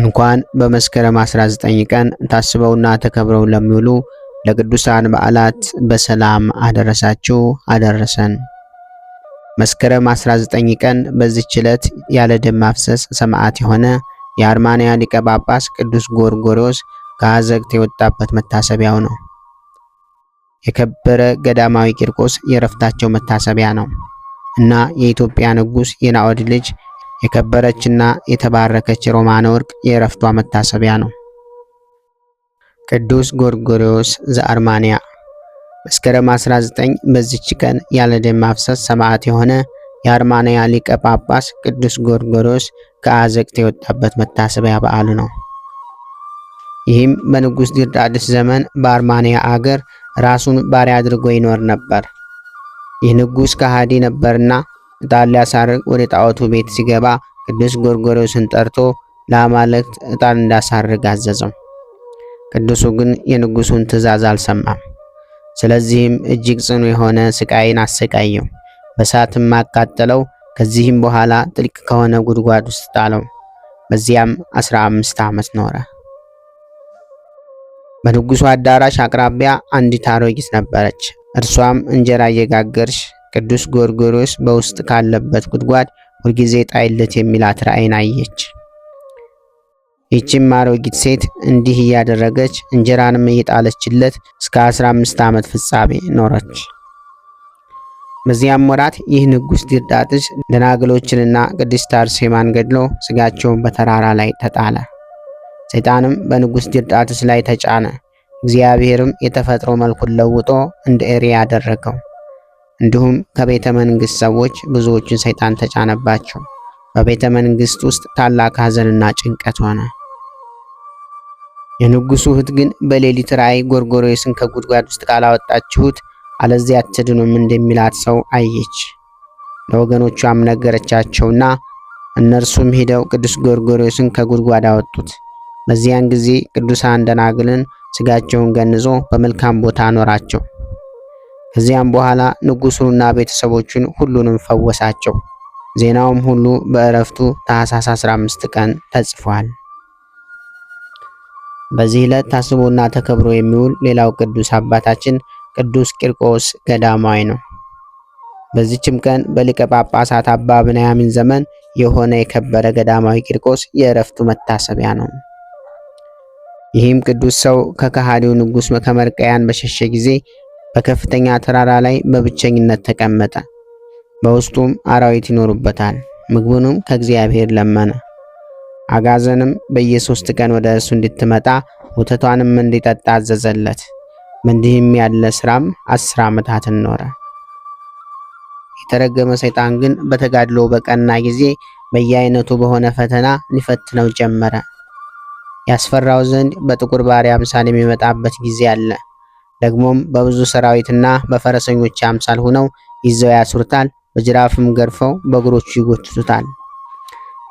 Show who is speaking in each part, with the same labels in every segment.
Speaker 1: እንኳን በመስከረም 19 ቀን ታስበውና ተከብረው ለሚውሉ ለቅዱሳን በዓላት በሰላም አደረሳችሁ አደረሰን። መስከረም 19 ቀን በዚች ዕለት ያለ ደም ማፍሰስ ሰማዕት የሆነ የአርማንያ ሊቀ ጳጳስ ቅዱስ ጎርጎሪዎስ ከአዘግት የወጣበት መታሰቢያው ነው። የከበረ ገዳማዊ ቂርቆስ የረፍታቸው መታሰቢያ ነው እና የኢትዮጵያ ንጉሥ የናዖድ ልጅ የከበረችና የተባረከች የሮማነ ወርቅ የእረፍቷ መታሰቢያ ነው። ቅዱስ ጎርጎሪዎስ ዘአርማንያ መስከረም 19 በዚች ቀን ያለ ደም ማፍሰስ ሰማዕት የሆነ የአርማንያ ሊቀ ጳጳስ ቅዱስ ጎርጎሪዎስ ከአዘቅት የወጣበት መታሰቢያ በዓሉ ነው። ይህም በንጉሥ ድርዳድስ ዘመን በአርማንያ አገር ራሱን ባሪያ አድርጎ ይኖር ነበር። ይህ ንጉሥ ከሃዲ ነበርና ዕጣን ሊያሳርቅ ወደ ጣዖቱ ቤት ሲገባ ቅዱስ ጎርጎርዮስን ጠርቶ ለአማልክት ዕጣን እንዳሳርግ አዘዘው። ቅዱሱ ግን የንጉሱን ትእዛዝ አልሰማም። ስለዚህም እጅግ ጽኑ የሆነ ስቃይን አሰቃየው፣ በሳትም አቃጠለው። ከዚህም በኋላ ጥልቅ ከሆነ ጉድጓድ ውስጥ ጣለው። በዚያም 15 ዓመት ኖረ። በንጉሱ አዳራሽ አቅራቢያ አንዲት አሮጊት ነበረች። እርሷም እንጀራ እየጋገርሽ ቅዱስ ጎርጎርዮስ በውስጥ ካለበት ጉድጓድ ሁልጊዜ ጣይለት የሚላት ራእይን አየች። ይቺም አሮጊት ሴት እንዲህ እያደረገች እንጀራንም እየጣለችለት እስከ 15 ዓመት ፍጻሜ ኖረች። በዚያም ወራት ይህ ንጉሥ ድርዳጥስ ደናግሎችንና ቅድስት አርሴማን ገድሎ ስጋቸውን በተራራ ላይ ተጣለ። ሰይጣንም በንጉሥ ድርዳጥስ ላይ ተጫነ። እግዚአብሔርም የተፈጥሮ መልኩን ለውጦ እንደ ኤሪ ያደረገው እንዲሁም ከቤተ መንግሥት ሰዎች ብዙዎችን ሰይጣን ተጫነባቸው። በቤተ መንግሥት ውስጥ ታላቅ ሐዘንና ጭንቀት ሆነ። የንጉሱ እህት ግን በሌሊት ራእይ ጎርጎሬዎስን ከጉድጓድ ውስጥ ካላወጣችሁት አለዚያ አትድኑም እንደሚላት ሰው አየች። ለወገኖቿም ነገረቻቸውና እነርሱም ሄደው ቅዱስ ጎርጎርዮስን ከጉድጓድ አወጡት። በዚያን ጊዜ ቅዱሳን ደናግልን ስጋቸውን ገንዞ በመልካም ቦታ አኖራቸው። ከዚያም በኋላ ንጉሱንና ቤተሰቦቹን ሁሉንም ፈወሳቸው። ዜናውም ሁሉ በእረፍቱ ታኅሳስ 15 ቀን ተጽፏል። በዚህ ዕለት ታስቦና ተከብሮ የሚውል ሌላው ቅዱስ አባታችን ቅዱስ ቂርቆስ ገዳማዊ ነው። በዚችም ቀን በሊቀ ጳጳሳት አባ ብንያሚን ዘመን የሆነ የከበረ ገዳማዊ ቂርቆስ የእረፍቱ መታሰቢያ ነው። ይህም ቅዱስ ሰው ከከሃዲው ንጉስ ከመርቀያን በሸሸ ጊዜ በከፍተኛ ተራራ ላይ በብቸኝነት ተቀመጠ። በውስጡም አራዊት ይኖሩበታል። ምግቡንም ከእግዚአብሔር ለመነ። አጋዘንም በየሶስት ቀን ወደ እርሱ እንድትመጣ ወተቷንም እንዲጠጣ አዘዘለት። በእንዲህም ያለ ስራም አስር ዓመታትን ኖረ። የተረገመ ሰይጣን ግን በተጋድሎ በቀና ጊዜ በየአይነቱ በሆነ ፈተና ሊፈትነው ጀመረ። ያስፈራው ዘንድ በጥቁር ባሪያ አምሳል የሚመጣበት ጊዜ አለ። ደግሞም በብዙ ሰራዊትና በፈረሰኞች አምሳል ሆነው ይዘው ያስሩታል፣ በጅራፍም ገርፈው በእግሮቹ ይጎትቱታል።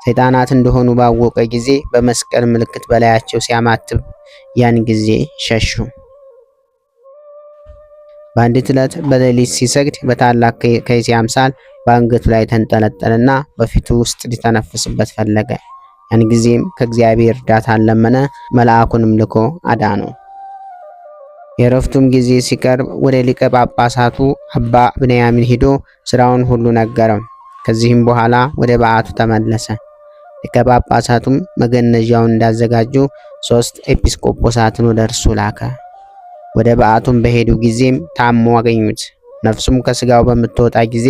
Speaker 1: ሰይጣናት እንደሆኑ ባወቀ ጊዜ በመስቀል ምልክት በላያቸው ሲያማትብ ያን ጊዜ ሸሹ። በአንዲት ዕለት በሌሊት ሲሰግድ በታላቅ ከይሲ አምሳል በአንገቱ ላይ ተንጠለጠለና በፊቱ ውስጥ ሊተነፍስበት ፈለገ። ያን ጊዜም ከእግዚአብሔር እርዳታ ለመነ፣ መልአኩንም ልኮ አዳነው። የእረፍቱም ጊዜ ሲቀርብ ወደ ሊቀ ጳጳሳቱ አባ ብንያሚን ሂዶ ስራውን ሁሉ ነገረው። ከዚህም በኋላ ወደ በዓቱ ተመለሰ። ሊቀ ጳጳሳቱም መገነዣውን እንዳዘጋጁ ሶስት ኤጲስቆጶሳትን ወደ እርሱ ላከ። ወደ በዓቱም በሄዱ ጊዜም ታሞ አገኙት። ነፍሱም ከስጋው በምትወጣ ጊዜ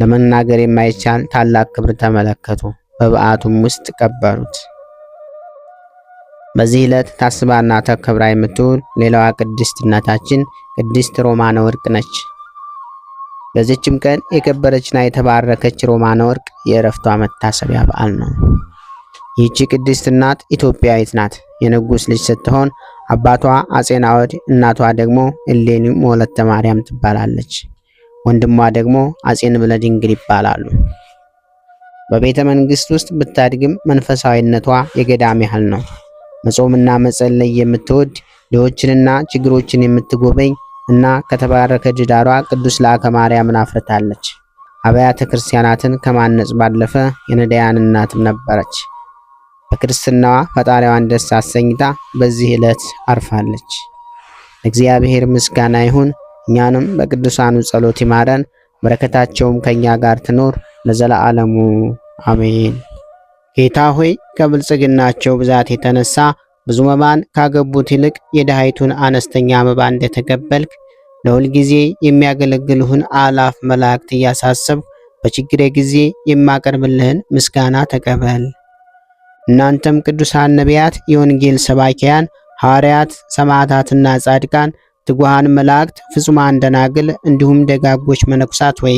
Speaker 1: ለመናገር የማይቻል ታላቅ ክብር ተመለከቱ። በበዓቱም ውስጥ ቀበሩት። በዚህ ዕለት ታስባና ተከብራ የምትውል ሌላዋ ቅድስት እናታችን ቅድስት ሮማነ ወርቅ ነች። በዚችም ቀን የከበረችና የተባረከች ሮማነ ወርቅ የእረፍቷ መታሰቢያ በዓል ነው። ይህቺ ቅድስት እናት ኢትዮጵያዊት ናት። የንጉሥ ልጅ ስትሆን አባቷ አጼ ናዖድ፣ እናቷ ደግሞ እሌኒ ወለተ ማርያም ትባላለች። ወንድሟ ደግሞ አጼ ንብለ ድንግል ይባላሉ። በቤተ መንግሥት ውስጥ ብታድግም መንፈሳዊነቷ የገዳም ያህል ነው። መጾምና መጸለይ የምትወድ ድሆችንና ችግሮችን የምትጎበኝ እና ከተባረከ ጅዳሯ ቅዱስ ለአከ ማርያምን አፍርታለች። አብያተ ክርስቲያናትን ከማነጽ ባለፈ የነዳያን እናትም ነበረች። በክርስትናዋ ፈጣሪዋን ደስ አሰኝታ በዚህ ዕለት አርፋለች። እግዚአብሔር ምስጋና ይሁን። እኛንም በቅዱሳኑ ጸሎት ይማረን፣ በረከታቸውም ከእኛ ጋር ትኖር ለዘላለሙ አሜን። ጌታ ሆይ ከብልጽግናቸው ብዛት የተነሳ ብዙ መባን ካገቡት ይልቅ የድሃይቱን አነስተኛ መባ እንደተቀበልክ ለሁል ጊዜ የሚያገለግልህን አላፍ መላእክት እያሳሰብ በችግሬ ጊዜ የማቀርብልህን ምስጋና ተቀበል። እናንተም ቅዱሳን ነቢያት፣ የወንጌል ሰባኪያን ሐዋርያት፣ ሰማዕታትና ጻድቃን፣ ትጉሃን መላእክት፣ ፍጹማን ደናግል እንዲሁም ደጋጎች መነኩሳት ወይ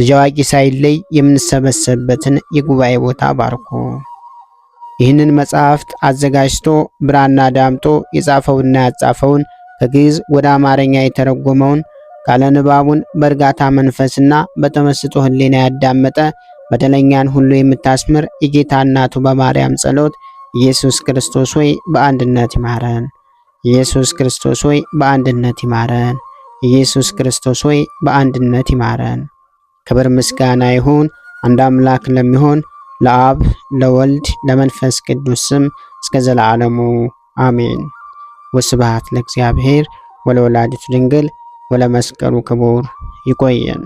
Speaker 1: ልጅ አዋቂ ሳይለይ የምንሰበሰብበትን የጉባኤ ቦታ ባርኮ ይህንን መጽሐፍት አዘጋጅቶ ብራና ዳምጦ የጻፈውና ያጻፈውን ከግዕዝ ወደ አማርኛ የተረጎመውን ቃለ ንባቡን በእርጋታ መንፈስና በተመስጦ ሕሊና ያዳመጠ በደለኛን ሁሉ የምታስምር የጌታ እናቱ በማርያም ጸሎት ኢየሱስ ክርስቶስ ሆይ በአንድነት ይማረን። ኢየሱስ ክርስቶስ ሆይ በአንድነት ይማረን። ኢየሱስ ክርስቶስ ሆይ በአንድነት ይማረን። ክብር ምስጋና ይሁን አንድ አምላክ ለሚሆን ለአብ ለወልድ ለመንፈስ ቅዱስ ስም እስከ ዘላለሙ አሜን። ወስብሐት ለእግዚአብሔር ወለወላዲቱ ድንግል ወለመስቀሉ ክቡር። ይቆየን።